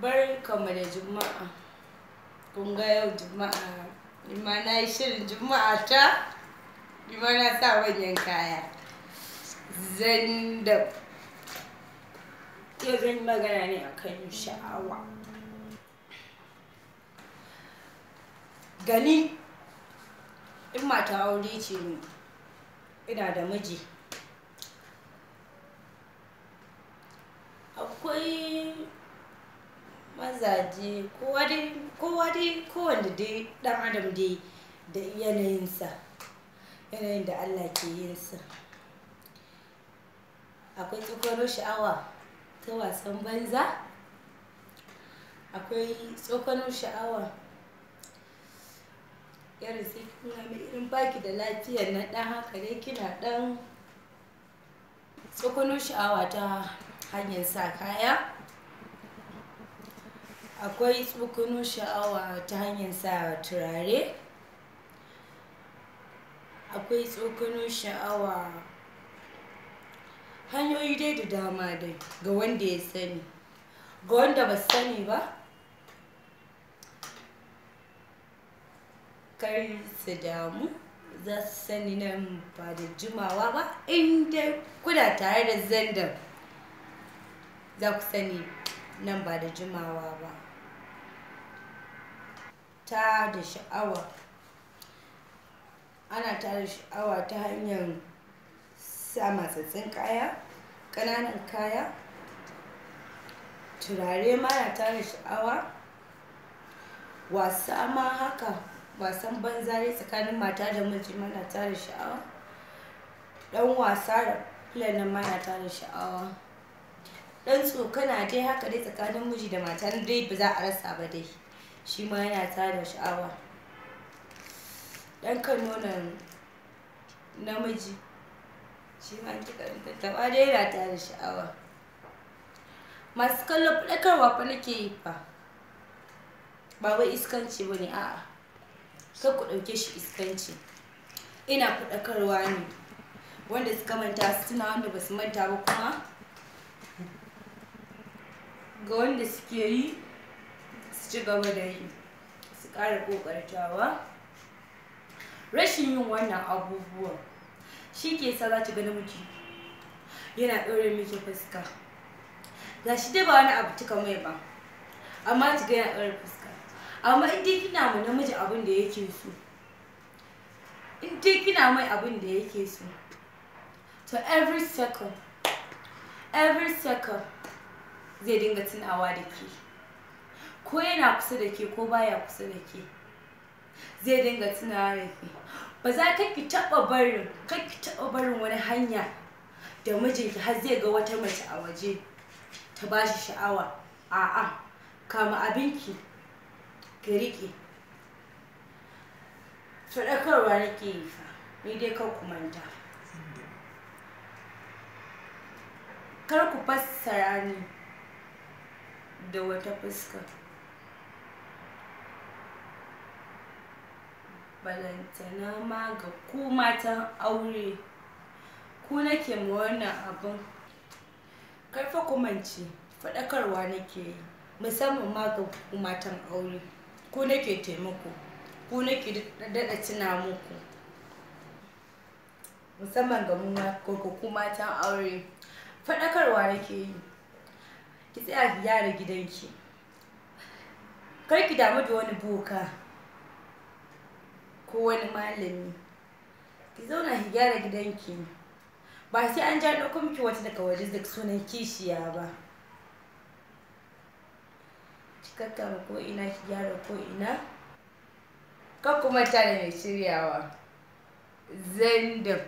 barkanmu da juma'a kun ga yau juma'a ima na yi shirin juma'a ta ima na sa manyan kaya zan da zan magana ne akan sha'awa gani in mata aure ce ina da miji mazaje kowa dai kowa dai kowanne dai dan adam dai da yanayinsa yanayin da Allah ke yin sa akwai tsokano sha'awa ta wasan banza akwai tsokano sha'awa irin sai kuma mai irin baki da lafiyar na dan haka dai kina dan tsokano sha'awa ta hanyar sa kaya akwai tsukunu sha'awa ta hanyar sa turare akwai tsukunu sha'awa hanyoyi dai da dama dai ga wanda ya sani ga wanda ba sani ba kar su damu za su sani nan ba da jimawa ba in dai kuna tare da zandan za ku sani nan ba da jimawa ba ta da sha'awa ana ta da sha'awa ta hanyar sa matsatsin kaya ƙananan kaya turare ma na ta da sha'awa wasa ma haka wasan banza tsakanin mata da miji ma na ta da sha'awa ɗan wasa da fulani ma na ta da sha'awa dan tsokana dai haka dai tsakanin miji da mata dai ba za a rasa ba dai shi ma yana tada sha'awa dan kan nonon namiji shi ma kika tattaba dai yana tada sha'awa masu kallon faɗakarwa fa nake yi fa ba wai iskanci ba ne a'a kar ku ɗauke shi iskanci ina faɗakarwa ne wanda suka manta su wanda ba su manta ba kuma ga wanda suke yi su ci gaba da yi su ƙara ƙoƙartawa rashin yin wannan abubuwan shi ke sa za ki ga namiji yana ɗaure miki fuska ga shi dai ba wani abu kika mai ba amma ki ga yana ɗaure fuska amma in dai kina ma namiji abin da yake so in dai kina mai abin da yake so to every second every second zai dinga tunawa da ke ko yana kusa da ke ko baya kusa da ke zai dinga tunawa da ke ba za ka ki taɓa barin ka ki taɓa barin wani hanya da mijinki har zai ga wata mace a waje ta ba shi sha'awa a'a kama abinki ki riƙe faɗakarwa nake yi fa ni dai kar ku manta kar ku fassara ni da wata fuska balantana ma ga ku matan aure ku nake ma wannan abin karfa kumance faɗakarwa nake yi musamman ma ga ku matan aure ku nake taimako ku nake daɗa tuna muku musamman ga mu matan aure faɗakarwa nake yi ki tsaya ki gyara gidanki kar ki damu da wani boka ko wani malami ki zauna ki gyara gidanki ba sai an ja ɗauko miki wata daga waje da sunan kishiya ba ki kakkama ko ina ki gyara ko ina Kar kuma tare mai shiryawa zandar